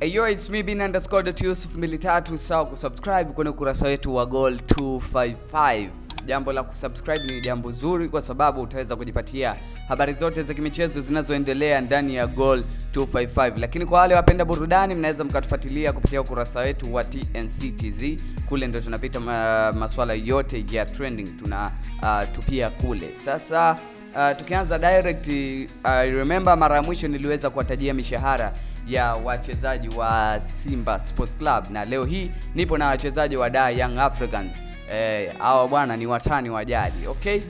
Ayo, it's me bin underscore dot Yusuf Militatu. tatu. kusubscribe kwenye ukurasa wetu wa Goal 255. Jambo la kusubscribe ni jambo zuri kwa sababu utaweza kujipatia habari zote za kimichezo zinazoendelea ndani ya Goal 255. Lakini kwa wale wapenda burudani, mnaweza mkatufuatilia kupitia ukurasa wetu wa tnctz Kule ndo tunapita ma, masuala yote ya trending tunatupia uh, kule sasa uh, tukianza direct I remember mara ya mwisho niliweza kuwatajia mishahara ya wachezaji wa Simba Sports Club, na leo hii nipo na wachezaji wa Dar Young Africans. Eh, hawa bwana ni watani wa jadi. Okay,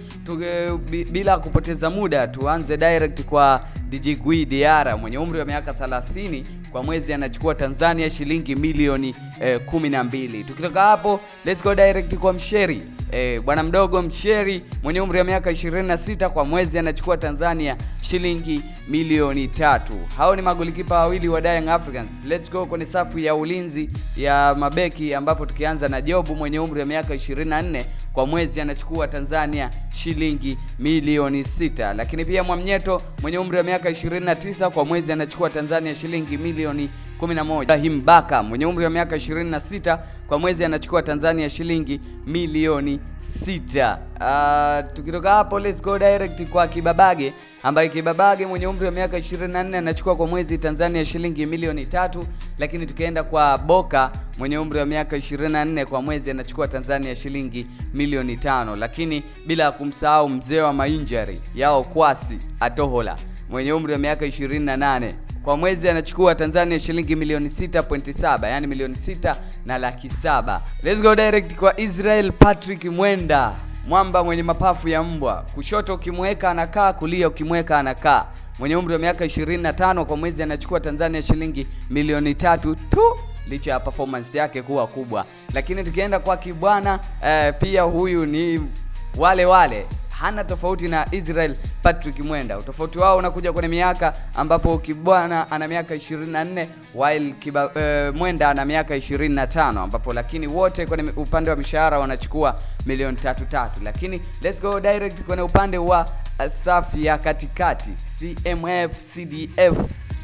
bila kupoteza muda tuanze direct kwa Djigui Diarra mwenye umri wa miaka 30 kwa mwezi anachukua Tanzania shilingi milioni eh, kumi na mbili. Tukitoka hapo let's go direct kwa msheri eh, bwana mdogo msheri mwenye umri wa miaka 26 kwa mwezi anachukua Tanzania shilingi milioni tatu. Hao ni magolikipa wawili wa Young Africans. Let's go kwenye safu ya ulinzi ya mabeki ambapo tukianza na Jobu mwenye umri wa miaka 24 kwa mwezi anachukua Tanzania shilingi milioni sita, lakini pia Mwamnyeto mwenye umri wa miaka 29 kwa mwezi anachukua Tanzania shilingi milioni milioni 11. Ibrahim Baka mwenye umri wa miaka 26 kwa mwezi anachukua Tanzania shilingi milioni 6. Uh, ah, tukitoka hapo let's go direct kwa Kibabage ambaye Kibabage mwenye umri wa miaka 24 anachukua kwa mwezi Tanzania shilingi milioni tatu, lakini tukienda kwa Boka mwenye umri wa miaka 24 kwa mwezi anachukua Tanzania shilingi milioni tano, lakini bila kumsahau mzee wa mainjari yao Kwasi Atohola mwenye umri wa miaka 28 kwa mwezi anachukua Tanzania shilingi milioni 6.7, yani milioni 6 na laki saba. Let's go direct kwa Israel Patrick Mwenda, mwamba mwenye mapafu ya mbwa. Kushoto ukimweka anakaa, kulia ukimweka anakaa. Mwenye umri wa miaka 25, kwa mwezi anachukua Tanzania shilingi milioni tatu tu licha ya performance yake kuwa kubwa. Lakini tukienda kwa kibwana eh, pia huyu ni wale wale hana tofauti na Israel Patrick Mwenda. Utofauti wao unakuja kwenye miaka ambapo Kibwana ana miaka 24 while Kiba, e, Mwenda ana miaka 25 ambapo lakini wote kwenye upande wa mishahara wanachukua milioni tatu tatu, lakini let's go direct kwenye upande wa safi ya katikati CMF CDF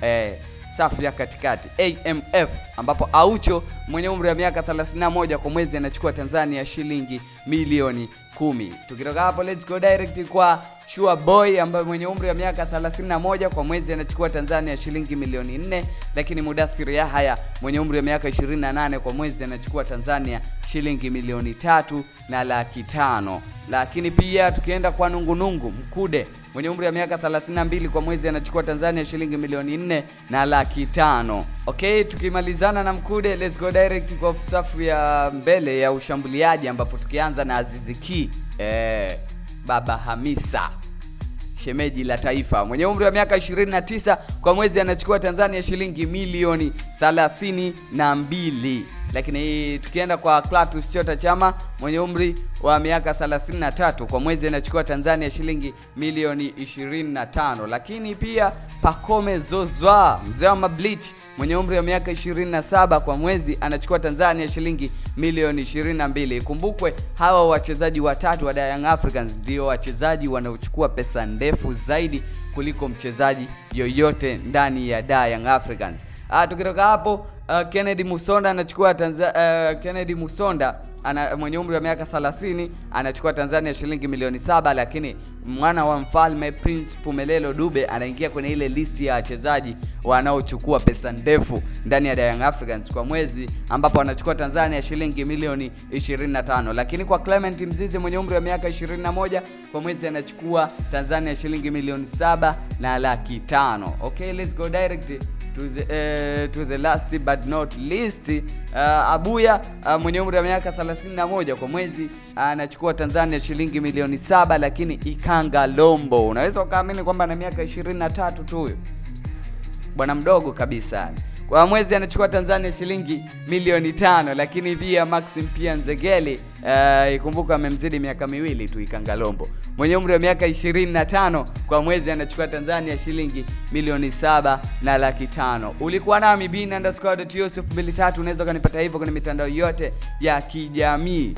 eh, safu ya katikati AMF, ambapo Aucho mwenye umri wa miaka 31 kwa mwezi anachukua Tanzania shilingi milioni kumi. Tukitoka hapo, let's go direct kwa Sure Boy ambaye mwenye umri wa miaka 31 kwa mwezi anachukua Tanzania shilingi milioni 4, lakini Mudathir Yahya mwenye umri wa miaka 28 kwa mwezi anachukua Tanzania shilingi milioni tatu na laki tano. Lakini pia tukienda kwa Nungunungu Mkude mwenye umri wa miaka 32 kwa mwezi anachukua Tanzania shilingi milioni 4 na laki tano. Okay, tukimalizana na Mkude, let's go direct kwa safu ya mbele ya ushambuliaji ambapo tukianza na Azizi Ki, eh, Baba Hamisa shemeji la taifa mwenye umri wa miaka 29 kwa mwezi anachukua Tanzania shilingi milioni 32. Lakini tukienda kwa Clatous Chota Chama mwenye umri wa miaka 33 kwa mwezi anachukua Tanzania shilingi milioni 25. Lakini pia Pacome zozwa mzee wa Mablitz mwenye umri wa miaka 27 kwa mwezi anachukua Tanzania shilingi milioni 22. Ikumbukwe hawa wachezaji watatu wa Young Africans ndio wachezaji wanaochukua pesa ndefu zaidi kuliko mchezaji yoyote ndani ya Young Africans. Ah, tukitoka hapo uh, Kennedy Musonda anachukua Tanzania uh, Kennedy Musonda ana mwenye umri wa miaka 30 anachukua Tanzania shilingi milioni saba, lakini mwana wa mfalme Prince Pumelelo Dube anaingia kwenye ile listi ya wachezaji wanaochukua pesa ndefu ndani ya Young Africans kwa mwezi, ambapo anachukua Tanzania shilingi milioni 25. Lakini kwa Clement Mzize mwenye umri wa miaka 21 kwa mwezi anachukua Tanzania shilingi milioni saba na laki tano. Okay, let's go direct to the, uh, to the last but not least uh, Abuya uh, mwenye umri wa miaka 31 kwa mwezi anachukua uh, Tanzania shilingi milioni saba, lakini Ikanga Lombo unaweza ukaamini kwamba na miaka 23 tu huyo bwana mdogo kabisa kwa mwezi anachukua Tanzania shilingi milioni tano, lakini pia Maxim pia Nzegeli uh, ikumbuka amemzidi miaka miwili tu Ikangalombo mwenye umri wa miaka 25 kwa mwezi anachukua Tanzania shilingi milioni saba na laki tano. Ulikuwa nami bin_yusuf23 unaweza ukanipata hivyo kwenye mitandao yote ya kijamii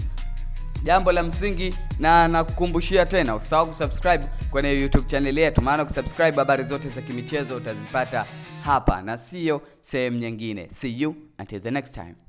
jambo la msingi, na nakukumbushia tena usahau kusubscribe kwenye YouTube channel yetu, maana kusubscribe, habari zote za kimichezo utazipata hapa na sio sehemu nyingine. See you until the next time.